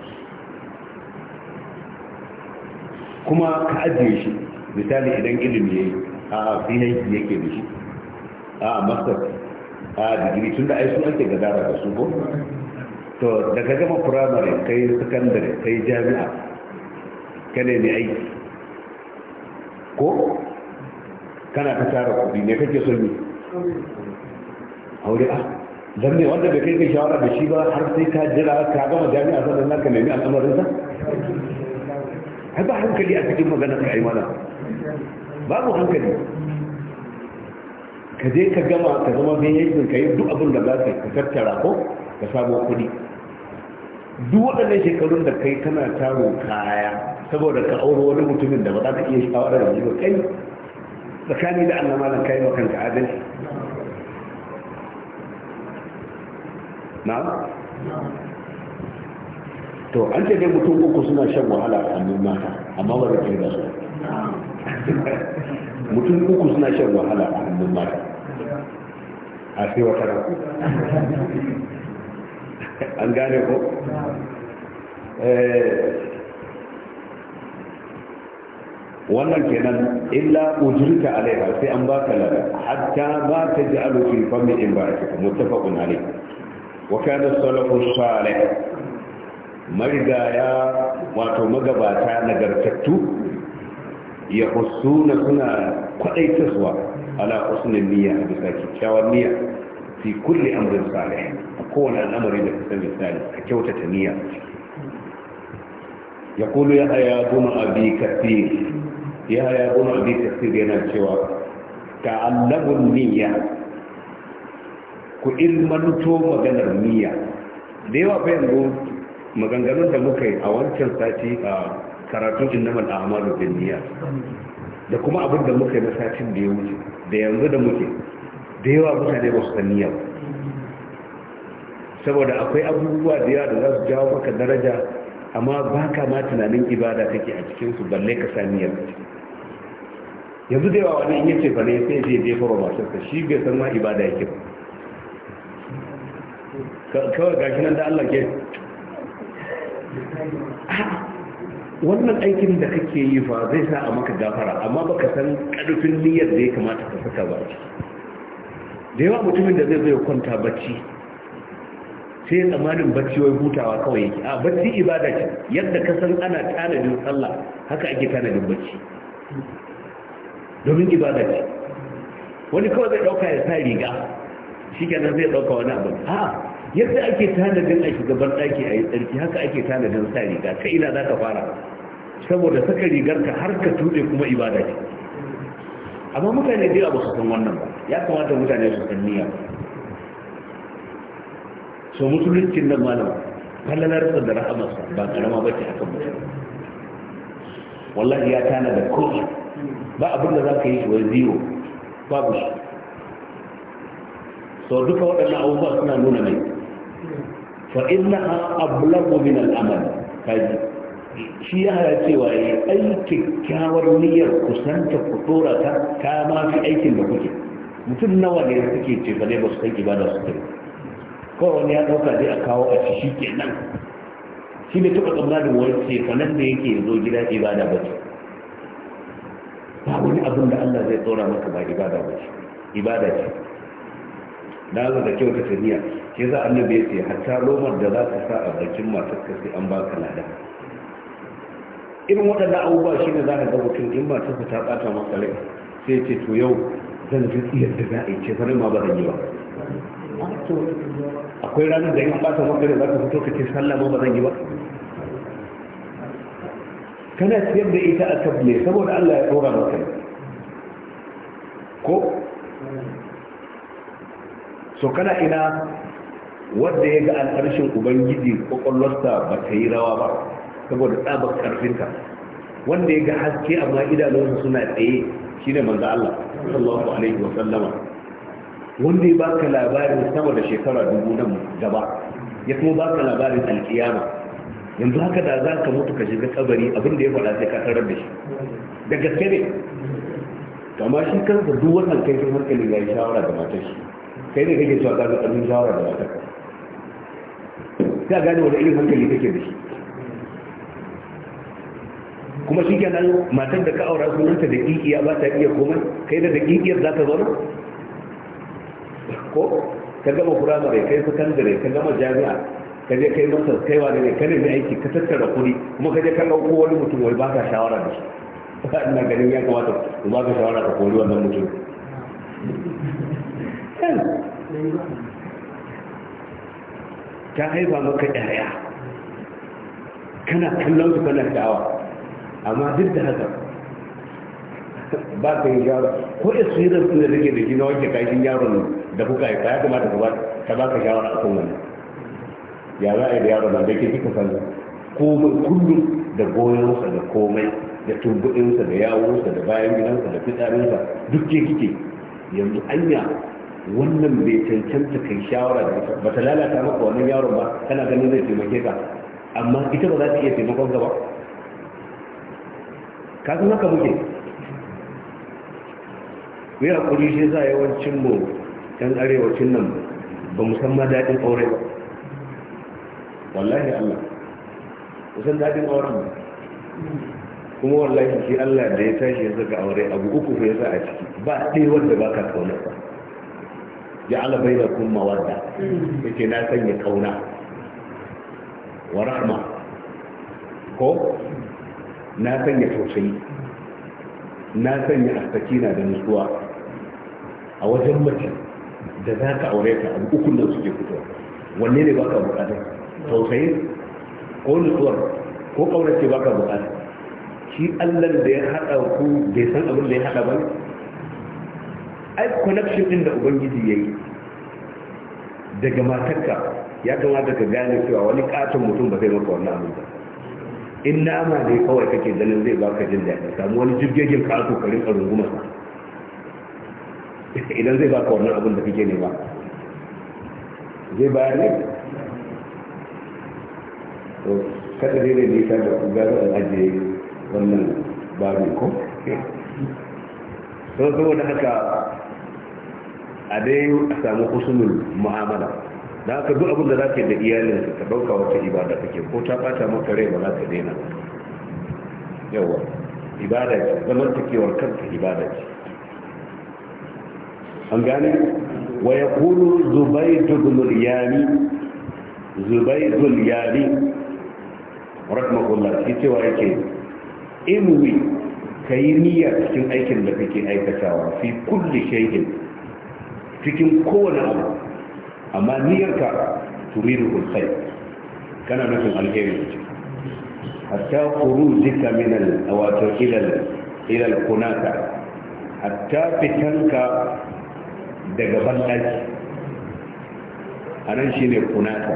kuma ka ajiye shi misali idan ilimi yi a PhD yake da shi a masar a digiri tun da aisu ake gadara da su ko to daga gama firamare, kai sakandare, kai jami'a kane ne aiki ko kana ta tara kudi ne kake son yi? aure a ah, zan ne wanda bai kai kai shawara da shi ba har sai ka jira ka gama jami'a sannan naka nemi al'amarin sa ai ba hankali a cikin magana ka ai mana babu hankali ka je ka gama ka zama bin yankin ka yi duk abin da za ka yi ka tattara ko ka samo kudi. duk waɗannan shekarun da kai kana taro kaya saboda ka auro wani mutumin da ba za ta iya shawarar da ba kai tsakani da Allah malam kai wa kanka adalci na to an ce dai mutum uku suna shan wahala a hannun mata amma ba da ba su mutum uku suna shan wahala a hannun mata a sai wata rafi an gane ko eh, wannan kenan illa ujirka alaiha sai an baka lada hatta ba ta ja'alu fi fami in baraka muttafaqun alai wa kana salafu salih marigaya wato magabata nagartattu ya husuna suna kwadaitarwa ala husnul niyya bisa kyakkyawan niyya fi kulli amrin salih kowane al'amari da kusan misali ka kyautata niyya ya kulu ya haya goma abi kafir ya haya goma abi kafir yana cewa ta'allabun niyya ku ilmanto maganar niyya da yawa fa yanzu maganganun da muka yi a wancan sati a karatun innamal a'malu bin niyya da kuma abin da muka yi na satin da ya wuce da yanzu da muke da yawa mutane ba su san ba saboda akwai abubuwa da yawa da za su jawo maka daraja amma ba ka ma tunanin ibada kake a cikinsu balle ka sami niyyar yanzu da yawa wani in yace fa ne sai je fara masu matarsa shi bai san ma ibada yake ba kawai gashi nan da Allah ke wannan aikin da kake yi fa zai sa a maka gafara amma baka san karfin niyyar da ya kamata ka saka ba da yawa mutumin da zai zai kwanta bacci sai ya tsamanin bacci wai hutawa kawai yake a bacci ibada ce yadda ka san ana tanadin sallah haka ake tanadin bacci domin ibada ce wani kawai zai dauka ya sa riga shi kenan zai dauka wani abu a yadda ake tanadin a shugaban daki a yi tsarki haka ake tanadin sa riga ta ina za ka fara saboda saka rigar ka har ka tuɗe kuma ibada ce amma mutane dai abu su san wannan ba ya kamata mutane su san niyya so musuluncin nan malam fallalarsa da rahamarsa ba karama bace akan mutane wallahi ya tana da komai ba abin da za ka yi shi wai zero babu shi so duka waɗannan abubuwa suna nuna mai fa inna ha ablagu min al'amal kaji shi ya haya cewa ya ai kyakkyawar niyyar kusanta ku dora ta ta ma fi aikin da kuke mutum nawa ne suke ce ba ne ba su kai ibada su kai kawai wani ya dauka zai a kawo a shishi ke nan shi ne taɓa da wani ce fanan da yake zo gida ibada ba ce ba wani abin da Allah zai tsora maka ba ibada ba ce ibada ce na zo da kyau ta taniya ke za a ya ce hatta lomar da za ka sa a bakin matar ka sai an baka lada irin waɗannan abubuwa shi ne za ka ga mutum in matarsa ta ɓata masa rai sai ce to yau zan fi yadda za a yi ce sanar ma ba zan yi ba akwai ranar da yin ɓata maka da za ka fito ka ce sallah ma ba zan yi ba kana siyar da ita a tabbe saboda allah ya ɗora maka ko so kana ina wadda ya ga al'arshin ubangiji kwakwalwarsa ba ta yi rawa ba saboda tsabar karfinka wanda ya ga haske amma idanunsa suna tsaye Shi ne manzo Allah sallallahu alaihi wa sallama wanda ya baka labarin sama da shekara dubu nan gaba ya kuma baka labarin alkiyama yanzu haka da za ka mutu ka shiga kabari abin da ya faɗa sai ka tarar da shi da gaske ne amma shi kansa duk wannan kai sun hankalin ya yi shawara da matar shi kai ne kake cewa ka ga ƙarfin shawara da matar ka ta gane wani irin hankali kake da shi kuma shi nan matar da ka aura sunanta da ƙiƙiya ba ta iya komai kai da ƙiƙiyar za ta zauna ko ka gama firamare kai dare ka gama jami'a ka je kai kai wa ne ka nemi aiki ka tattara kuɗi kuma ka je ka ɗauko wani mutum wai ba ka shawara da shi ba ina ganin ya kamata ku ba ka shawara ka kori wannan mutum ta haifa maka ɗaya kana kallon su kana sha'awa amma duk da haka ba ka yi shawara ko ya su yi da su rike da shi na wanke kashin yaron da kuka yi ya kamata ka ba ka shawara a kan wannan ya za a yi da yaron na da ke kika san komai kullum da goyonsa da komai da turbudinsa da yawonsa da bayan gidansa da fitsarinsa duk ke kike yanzu anya wannan bai cancanta kai shawara da ba ta lalata maka wannan yaron ba kana ganin zai taimake ka amma ita ba za ta iya taimakon ka ba ka san buke muke mu yi hakuri shi za a yawancin mu ɗan arewacin nan ba mu san ma daɗin aure ba wallahi Allah musamman san daɗin auren ba kuma wallahi shi Allah da ya tashi ya zaga aure abu uku ya sa a ciki ba ɗaya wanda ba ka kaunar ba ya ala bai da kuma wadda yake na sanya kauna wa rahma ko na sanya tausayi na sanya astakina da nutsuwa a wajen mace da za ka aure ta abu uku nan suke fito wanne ne baka bukatar tausayin ko nutsuwar ko kaunar ce baka bukatar shi allah da ya haɗa ku bai san abin da ya haɗa ba ai connection din da ubangiji ya yi daga matarka ya kamata ka gane cewa wani katon mutum ba zai maka wannan abin ba in nama ne kawai kake ganin zai baka jin daɗi samu wani jirgin kato ka rinka rungumar sa idan zai baka wannan abin da kake ne ba zai bayar ne to kada dai dai nisa da ku gaza da ajiye wannan babin ko to saboda haka a dai a samu kusurin mu'amala da aka duk abin da za ka yi da iyalin ka dauka wata ibada kake ko ta ɓata maka rai ba za ka daina yawa ibada ce zaman takewar kanka ibada ce an gane wa ya kulu zubaitu guliyani zubaitu guliyani rahmatullah shi cewa yake inwi ka yi niyya cikin aikin da kake aikatawa fi kulli shay'in cikin kowane abu amma niyyarka turidu alkhair kana nufin alheri hatta kuru min al-awatir ila ila al-kunaka hatta fitanka daga bandaki anan shine kunaka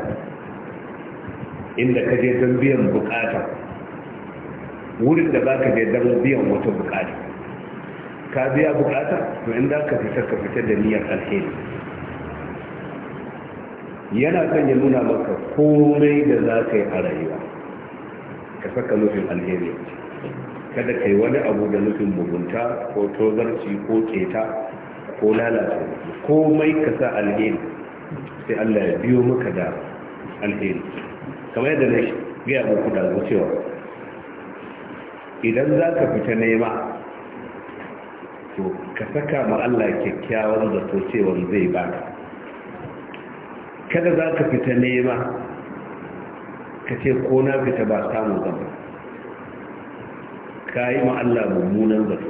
inda kaje don biyan bukata wurin da baka je don biyan wata bukata ka biya bukata to inda ka fita ka fita da niyyar alheri yana kan ya nuna maka komai da za ka yi a rayuwa ka saka nufin alheri kada ka yi wani abu da nufin mugunta ko tozarci ko keta ko lalata komai ka sa alheri sai allah ya biyo maka da alheri kamar yadda na gaya muku da cewa idan za ka fita nema to ka saka ma allah kyakkyawan zato cewa zai baka kada za ka fita nema ka ce ko na fita ba samun zama ka yi ma'alla mummunan zato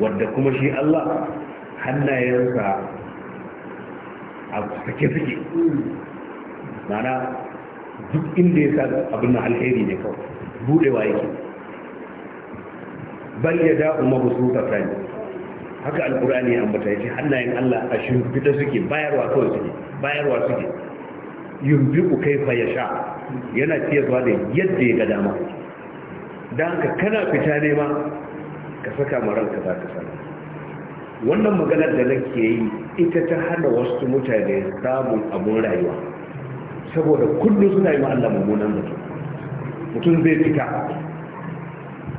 wadda kuma shi Allah hannayensa a sake-sake mana duk inda ya sa abin na alheri ne kawai budewa yake bal ya da'u mabusu ta sani haka alkurani ya ambata ya ce hannayen Allah a shimfita suke bayarwa kawai suke bayarwa suke kai fa ya sha yana ciyarwa da yadda ya ga dama don ka kana fita nema ka saka maran ka za ka sana wannan maganar da nake yi ita ta hana wasu mutane samun abun rayuwa saboda kullum suna yi Allah mummunan mutum mutum zai fita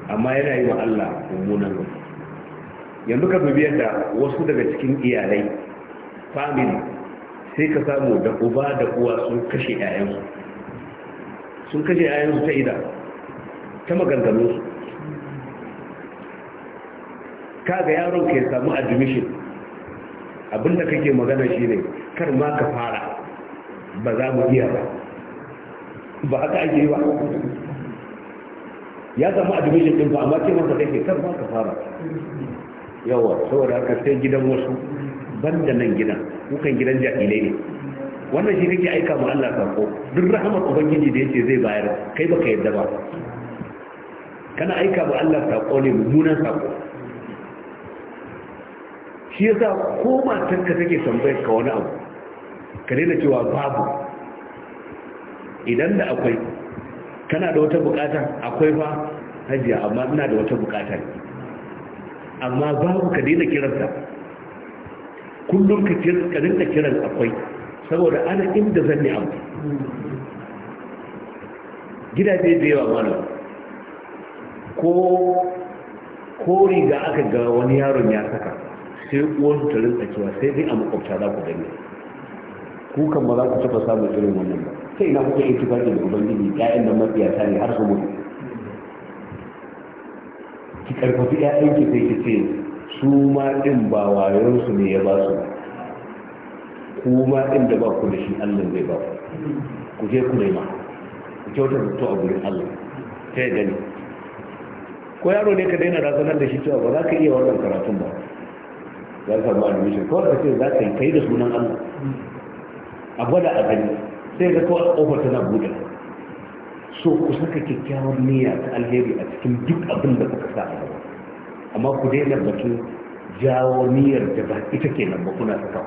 amma yana yi Allah mummunan mutum yanzu ka dubi yadda wasu daga cikin iyalai family sai ka samu da uba da uwa sun kashe 'ya'yansu sun kashe su ta ida ta maganganunsu ka ga yaron ka ya samu admission abinda kake magana shi ne kar ma ka fara ba za mu iya ba ba haka ake yi ba ya samu admission din ba amma ce masa kake kar ma ka fara yawa saboda haka sai gidan wasu banda nan gidan kukan gidan jahilai ne wannan shi kake aika ma Allah sako duk rahamar ubangiji da yake zai bayar kai baka yadda ba kana aika ma Allah sako ne mummunan sako shi yasa ko matarka take tambayar ka wani abu ka daina cewa babu idan da akwai kana da wata bukata akwai fa hajiya amma ina da wata bukata amma babu ka daina kiransa kullum ka daina kiran akwai saboda ana inda zan ne abu gidaje da yawa mana ko ko riga aka ga wani yaron ya saka sai uwan ta rinka cewa sai dai a makwabta za ku gani ku kan ba za ku taba samun irin wannan ba sai na kuka yin tufafi da ubangiji 'ya'yan da mafiyata ne har su mutu ki karfafi ƴaƴan ki sai ki ce su ma ɗin ba wayon su ne ya ba su ku ma ɗin da ba ku da shi Allah zai ba ku ku je ku nema ku kyautar da to a gurin Allah ta yi gani. ko yaro ne ka daina razanar da shi cewa ba za ka iya wannan karatun ba za ka samu admission ko ka ce za ka yi kai da sunan Allah a gwada a gani sai kawo a kofar tana buɗe so ku saka kyakkyawar niyya ta alheri a cikin duk abin da kuka sa a amma ku daina batun jawo niyyar da ba ita kenan ba kuna saka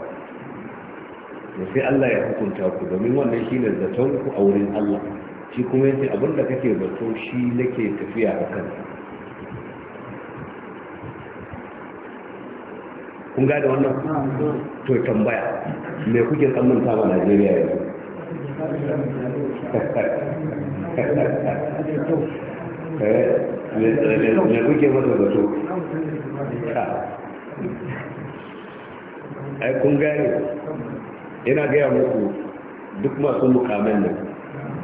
to sai Allah ya hukunta ku domin wannan shine zaton ku a wurin Allah shi kuma yace abin da kake zato shi nake tafiya a kan kun gada wannan to tambaya me kuke tsammanta ba Najeriya yanzu Eh, me kuke masa zato ai kun gane ina gaya muku duk masu mukamen nan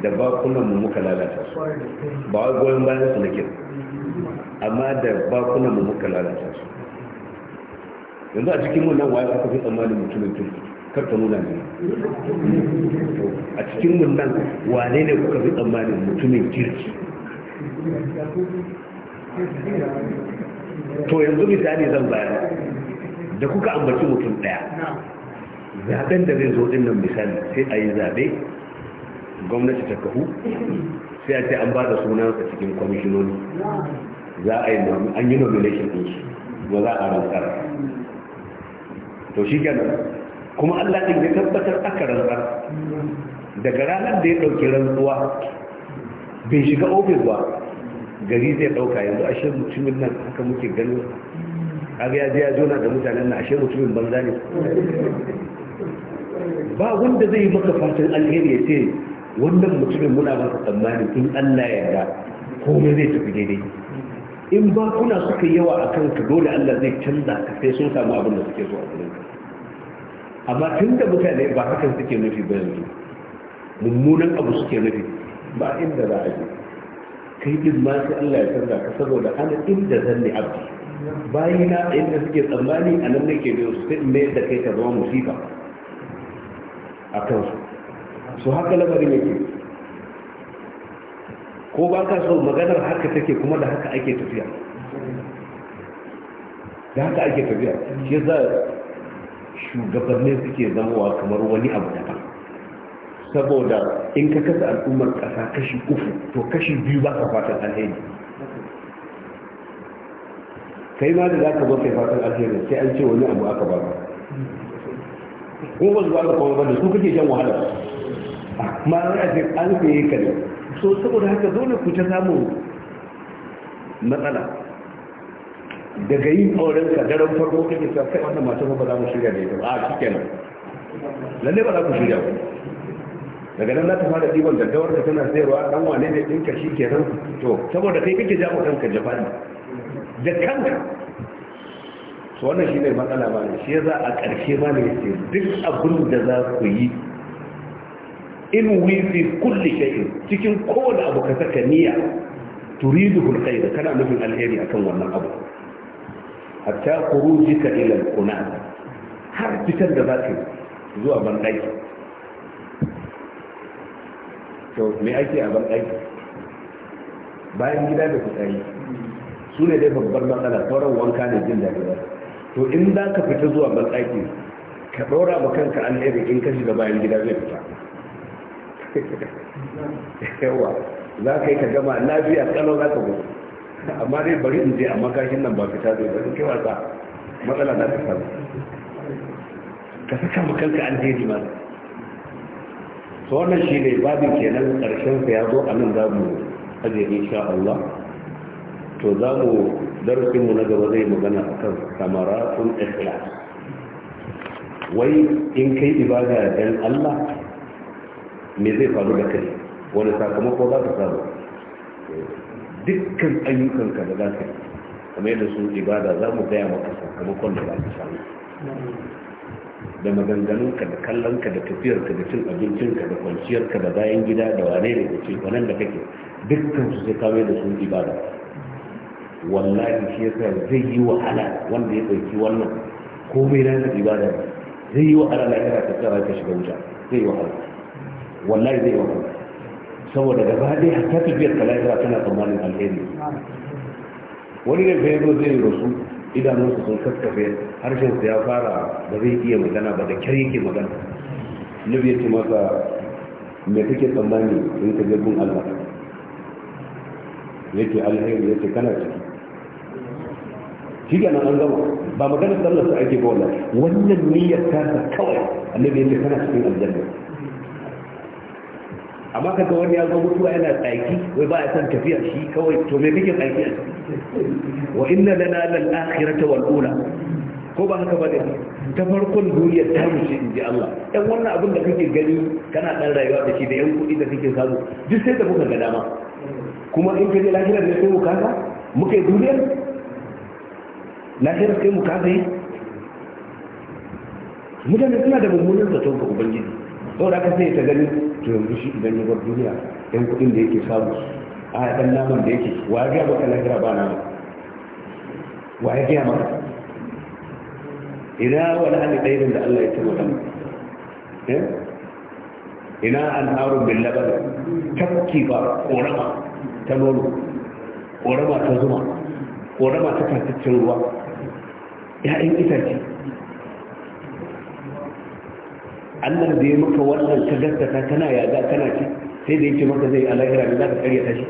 da bakunan mu muka lalata su ba wai goyon bayan su nake amma da bakunan mu muka lalata su yanzu a cikin wannan waya aka fi tsammanin mutumin turki karka nuna ne a cikin wannan, wane ne kuka fi tsammanin mutumin kirki to yanzu misali zan bayar da kuka ambaci mutum daya zaben da zai zo ɗin nan misali sai a yi zaɓe, gwamnati ta kahu sai a ce an ba da sunansa cikin kwamishinoni za a yi an yi nomination shi ba za a rantsar to shi kenan kuma Allah din ya tabbatar aka rantsa daga ranar da ya dauki rantsuwa bai shiga ofis ba gari zai dauka yanzu a shirin mutumin nan haka muke ganin kaga ya je ya jona da mutanen nan shirin mutumin banza ne ba wanda zai yi maka fatan alheri ya ce wannan mutumin muna masa tsammani in Allah ya ga komai zai tafi daidai in ba kuna suka yawa a kanka dole Allah zai canza ka sai sun samu abin da suke so a gurinka amma tun da mutane ba hakan suke nufi ba yanzu mummunan abu suke nufi ba inda za a je kai din ma sai Allah ya canza ka saboda ana inda zan ni abdi bayi na inda suke tsammani a nan nake da su sai mai da kai ka zama musifa a kansu su haka lamarin yake ko ba ka so maganar haka take kuma da haka ake tafiya da haka ake tafiya shi za shugabannin suke zamowa kamar wani abu daban saboda in ka kasa al'ummar kasa kashi uku to kashi biyu ba ka fatan alheri kai ma da za ka kai fatan alheri sai an ce wani abu aka ba ka wasu ba zuwa ga ba da su kake jan wahala ma a ce an sai ka ne so saboda haka dole ku ta samu matsala daga yin auren ka daren farko kake ke kai wannan masu ba za mu shirya da ita ba a Nan lalle ba za ku shirya ba daga nan za ta fara ɗiban gaggawar da tana sayarwa dan wane ne ɗinka shi nan to saboda kai kake jawo kanka jafani da kanka su wannan shi ne matsala ba ne shi ya za a ƙarshe ba ne ce duk abin da za ku yi in wifi kulli shayin cikin kowane abu ka saka niyya turidu hulƙai da kana nufin alheri akan wannan abu hatta kurujika ila kuna har fitar da zaka zuwa ban daki to me ake a ban daki bayan gida da fitsari su ne dai babbar matsala sauran wanka ne jin daɗi ba to in za ka fita zuwa ban daki ka ɗora ma kanka alheri in ka shiga bayan gida zai fita yawa za ka yi ka gama lafiya tsalo za ka gudu amma dai bari in je amma kashin nan ba fita zai bari kewa wasa matsala na ta faru ka saka ma kanka alheri ma to wannan shi ne babin kenan karshen sa ya zo a nan zamu mu aje insha Allah to za mu darasin mu na gaba zai magana akan samaratun ikhlas wai in kai ibada dan Allah me zai faru da kai wani sakamako za ka samu dukkan ayyukanka da za ka yi kamar yadda su ibada za mu gaya maka sakamakon da za ka samu da maganganunka da kallonka da tafiyarka da cin abincinka da kwanciyarka da bayan gida da wane ne da ce wannan da kake dukkan su sai kawai da sun ibada wallahi shi yasa zai yi wahala wanda ya ɗauki wannan komai na da ibada zai yi wahala na yana tsara ka shiga wuta zai yi wahala wallahi zai yi wahala saboda ba ɗaya ta tafiyar ta lahira tana tsammanin alheri wani ne fiye yazo zai rasu idanunsa sun harshen su ya fara da zai iya magana ba da kyar yake magana nabi ya ce masa me kake tsammani in ka je Allah yake alheri yake kana ciki shiga na nan an gama ba magana sallar su ake ba wannan wannan niyyar ta kawai annabi yake kana cikin aljanna amma kaga wani ya zo mutuwa yana tsaki wai ba a san tafiya shi kawai to me kake tsaki a wa inna lana lal akhirata wal ula ko ba haka bane ta farkon duniya ta rushe inji Allah dan wannan abin da kake gani kana dan rayuwa da shi da yan kudi da kake samu duk sai da muka ga dama kuma in kaje lahira ne sai mu kaza muke duniya lahira sai mu kaga mutane suna da mummunan zaton ga ubangiji sau da aka sai ta gani to yanzu shi idan ya bar duniya yan kudin da yake samu a ɗan naman da yake wa ya gaya maka lahira ba nama wa ya gaya maka ina wani hali ɗairin da Allah ya ce maka eh? ina an haru bin labar tafki ba ƙorama ta nono ƙorama ta zuma ƙorama ta kantaccen ruwa ya'yan itace Allah da ya maka wannan ka gaskata kana yaga kana ci sai da yake maka zai alahira da za ka karya shi.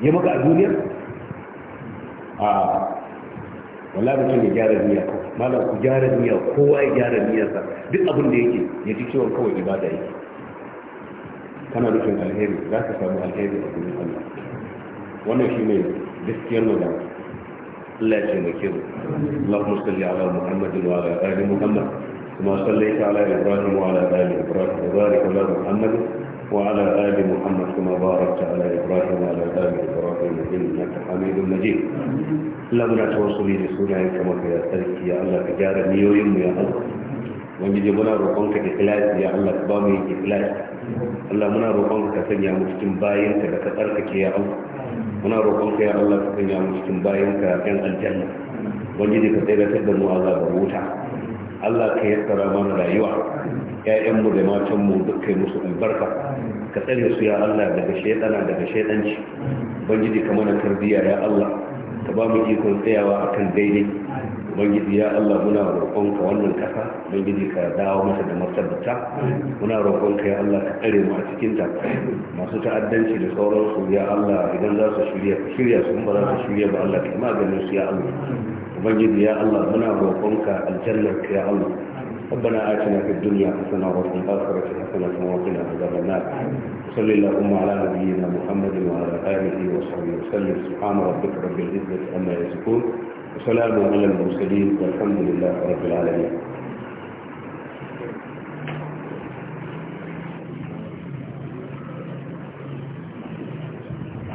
ya maka a duniya a wala mutum ya gyara duniya malam ku gyara duniya kowa ya gyara duniyarsa duk abin da yake ya ji cewa kawai ibada yake kana nufin alheri za ka samu alheri a gurin Allah wannan shi ne gaskiyar magana Allah ya ce taimake mu Allahumma salli ala Muhammadin wa ala ali Muhammad كما صليت على إبراهيم وعلى آل إبراهيم وبارك على محمد وعلى آل محمد كما باركت على إبراهيم وعلى آل إبراهيم إنك حميد مجيد اللهم لا توصلي لسنة كما في أسألك يا الله كجار نيويم يا الله وانجي منا روحانك إخلاص يا الله كبامي إخلاص الله منا روحانك كسنيا مستم باين كتركك يا الله منا روحانك يا الله كسنيا مستم باين كأن الجنة وانجي كتيرا تدمو عذاب الموتى Allah ka tsara mana rayuwa Ya'yanmu da matanmu da kai musu albarka ka tsare su ya Allah daga shaidana daga Ban ubangiji ka mana tarbiya ya Allah ka ba mu ikon tsayawa akan daidai ubangiji ya Allah muna ka wannan Ban ubangiji ka dawo masa da martabata muna ka ya Allah ka tsare mu a cikin ta masu ta'addanci da sauransu ya Allah idan za su shirya ka shirya su ba za su shirya ba Allah ka maganin su ya Allah ubangiji ya Allah muna roƙonka aljannar ka ya Allah rabbana atina fid dunya hasana wa fil akhirati hasana wa qina adhaban nar صلى الله على نبينا محمد وعلى اله وصحبه وسلم سبحان ربك رب العزه عما يصفون وسلام على المرسلين والحمد لله رب العالمين